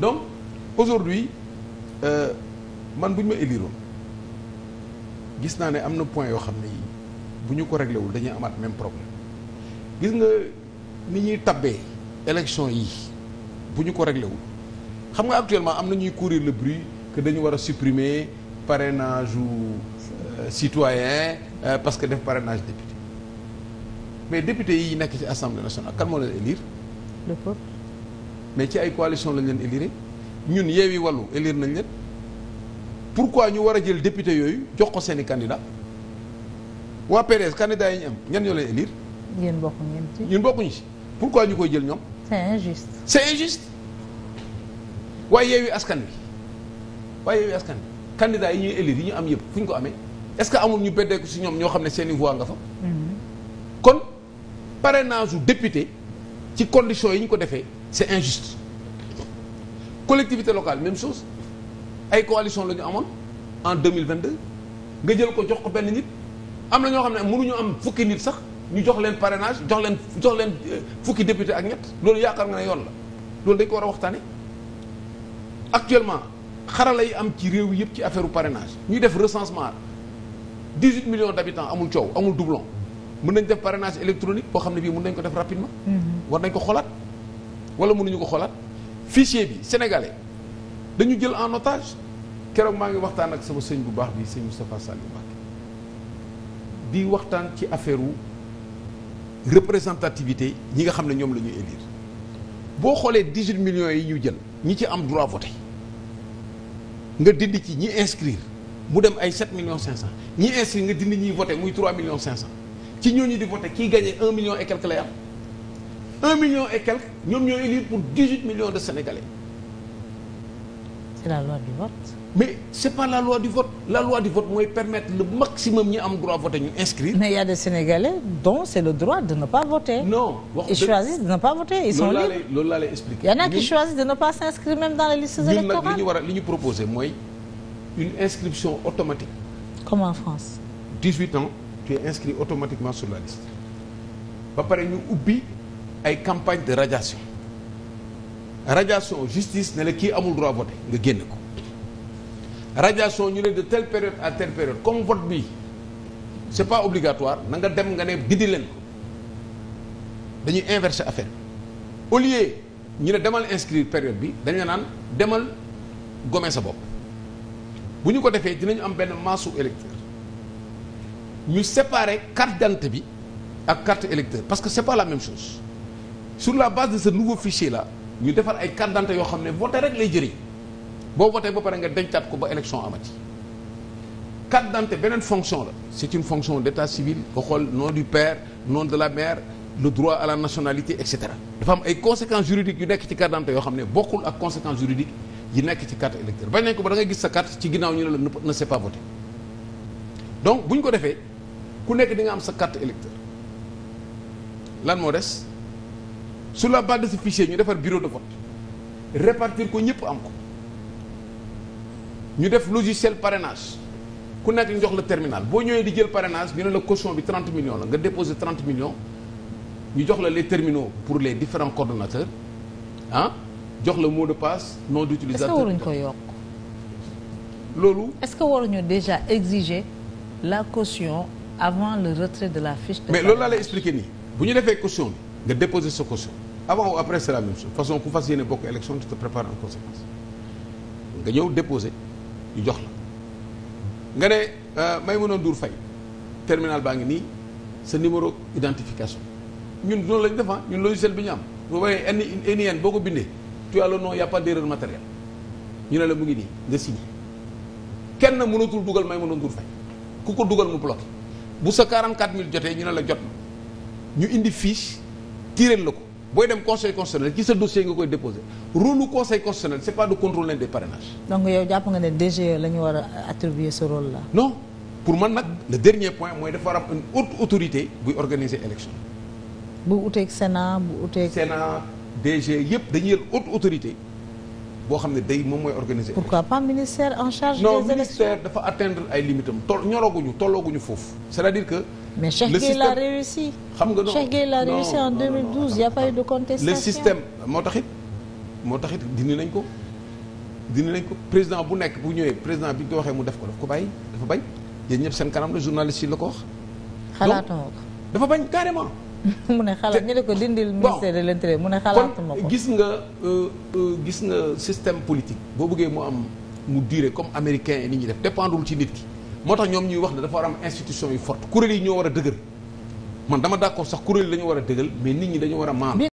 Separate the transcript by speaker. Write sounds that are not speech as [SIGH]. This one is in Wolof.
Speaker 1: donc aujourd'hui euh, man bu ñu ma éliroon gis naa ne am na point yoo xam ne yi bu ñu ko réglé wul dañuy amaat même problème gis nga ni ñuy tabbee élection yi bu ñu ko réglé wul xam nga actuellement am na ñuy courir le bruit que dañu war a supprimer parrainage ou euh, citoyen euh, parce que def parrainage député mais député yi nekk ci assemblée nationale kan moo la élire le peuple mais ci ay coalition lañ leen élire ñun Yewwi Wallu élire nañ leen quoi ñu war a jël député yooyu jox ko seen i candidat waa PDS candidat yi ñu am ñan ñoo leen élire. yéen ñu koy jël ñoom. c'est injuste. Askan Wi waaye Yewwi Askan Wi yi ñuy élire yi ñu am yëpp fu ñu ko amee est-ce que amul ñu beddeeku si ñoom ñoo xam ne seeni i voix nga fa. Mhm. kon parrainage u député ci conditions yi ñu ko defee c'est injuste. collectivité locale même chose ay coalition la ñu amoon en 2022 nga jël ko jox ko benn nit am na ñoo xam ne mënuñu am fukki nit sax ñu jox leen parrainage jox leen jox leen euh, fukki député ak ñett loolu yaakaar nga ne yoon la loolu dañ ko war a waxtaane actuellement xarala yi am ci réew yëpp ci affaire u parrainage ñuy def recensement 18 millions d'habitants amul coow amul doublon mën nañ def parenage électronique boo xam ne bii mun nañ ko def rapidement mm-hmm. war nañ ko xolaat wala mënuñu ko xolaat fichier bi sénégalais dañu jël en otage keroog maa ngi waxtaan ak sama sëñ bu baax bi sëñ Moustapha Saliou bi di waxtaan ci affaire wu représentativité ñi nga xam ne ñoom la ñuy élire boo xoolee dix-huit millions yi ñu jël ñi ci am droit voté nga dindi ci ñi inscrire mu dem ay sept millions cinq cent ñi inscrire nga dindi ñiy voté muy trois millions cinq cent ci ñooñu di voté kii gagné un million et quelque lay am un million et quelques ñoom ñoo élire pour dix-huit millions de sénégalais. c'est la loi du vote. mais c'est pas la loi du vote la loi du vote mooy permettre le maximum ñi am droit voter ñu inscrire. mais il y a des sénégalais dont c'est le droit de ne pas voter. non wax ils choisissent de ne pas voter ils sont libres loolu laa lay expliquer. y en a qui choisissent de ne pas s'inscrire même dans les listes électorales. ñun li ñu war a li ñu proposé mooy une inscription automatique. comme en France. dix-huit ans tu ay campagne de radiation radiation justice ne la kii amul droit voter nga génn ko radiation ñu ne de tele période à telle période comme vote bi c'est pas obligatoire na nga dem nga ne dindi leen ko dañuy inverser affaire au lieu ñu ne demal inscrire période bi dañu naan demal gome sa bopp bu ñu ko defee dinañu am benn maasu électeur ñu séparer carte d'identité bi ak carte électeur parce que c'est pas la même chose sur la base de ce nouveau fichier là ñu defar ay carte d'identité yoo xam ne voté rek lay jëriñ boo voté ba pare nga dencaat ko ba élection amati carte d'identité beneen fonction la c'est une fonction d'état civil nga xool nom du père nom de la mère le droit à la nationalité et cetera dafa am ay conséquences juridiques yu nekk ci carte d'identité yoo xam ne bokkul ak conséquences juridiques yi nekk ci carte électeur bañ nañ ko ba da ngay gis sa carte ci ginnaaw ñu ne la ne c'est pas voté donc bu ñu ko defee ku nekk di nga am sa carte électeur lan moo des su la base de ce ñu defar bureau de vote répartir ko ñëpp am ko ñu def logiciel parrainage ku nekk ñu jox la terminal boo ñëwee di jël parrainage ñu ne la caution bi 30 millions la nga déposé 30 millions ñu jox la les terminaux pour les différents coordonnateurs ah jox la mot de passe nom d'utilisateur. est-ce que waruñ ko yokk. loolu. est-ce que waruñu déjà exiger la caution avant le retrait de la fiche. de mais loolu laa lay expliquer nii bu ñu defee caution nga déposer sa caution. avant après c'est la même chose façon ku fas yéene bokk élection tu te prépares en conséquence nga ñëw déposer ñu jox la nga ne may euh, Maïmouna Ndour Faye terminal baa ngi nii sa numéro identification ñun noonu lañ defan ah. ñun logiciel bi ñu am bu booyee NIN boo ko bindee tu as le nom y a ñu ne la mu ngi nii nga signé kenn mënatul dugal Maïmouna Ndour Faye ku ko dugal mu bloqué bu sa 44000 jotee ñu ne la jot na ñu indi fiche tiréel la ko booy dem conseil constitutionnel ci sa dossier nga koy déposé rôle lu conseil constitutionnel c' est pas de contrôler des parrainages. donc yow jàpp nga ne DGE la ñu war a attribuer ce rôle la non pour man nag la dernier point mooy dafa war am une haute autorité buy organiser élection. bu uteeg Sénat bu uteeg. Sénat DGE yëpp dañuy yël haute autorité boo xam ne day moom mooy organiser. pourquoi pas ministère en charge. des élections non ministère dafa atteindre ay limitam am toll ñorooguñu tollooguñu foofu. c' est à mais Cheikh Gueye l'a réussi xam nga Cheikh Gueye l'a réussi en 2012 il y a pas eu de contestation le système moo taxit moo taxit dindi lañ ko dindi nañ ko président bu nekk bu ñëwee président bi ñu ko waxee mu def ko daf ko bàyyi dafa bañ yéen ñëpp seen kanam la journaliste yi la ko wax. xalaatuma ko dafa bañ carrément. [LAUGHS] mu ne xalaat ñu ne ko dindil ministère de l'intérieur mu ne xalaatuma ko. gis nga euh, euh, gis nga système politique boo bëggee mu am mu durer comme américain yi ni ñuy def dépendul ci nit ki. moo tax ñoom ñuy wax ne dafa war am institution yu forte kuréel yi ñoo war a dëgër man dama d'accord sax kuréel yi la war a dëgël mais nit ñi dañu war a maandu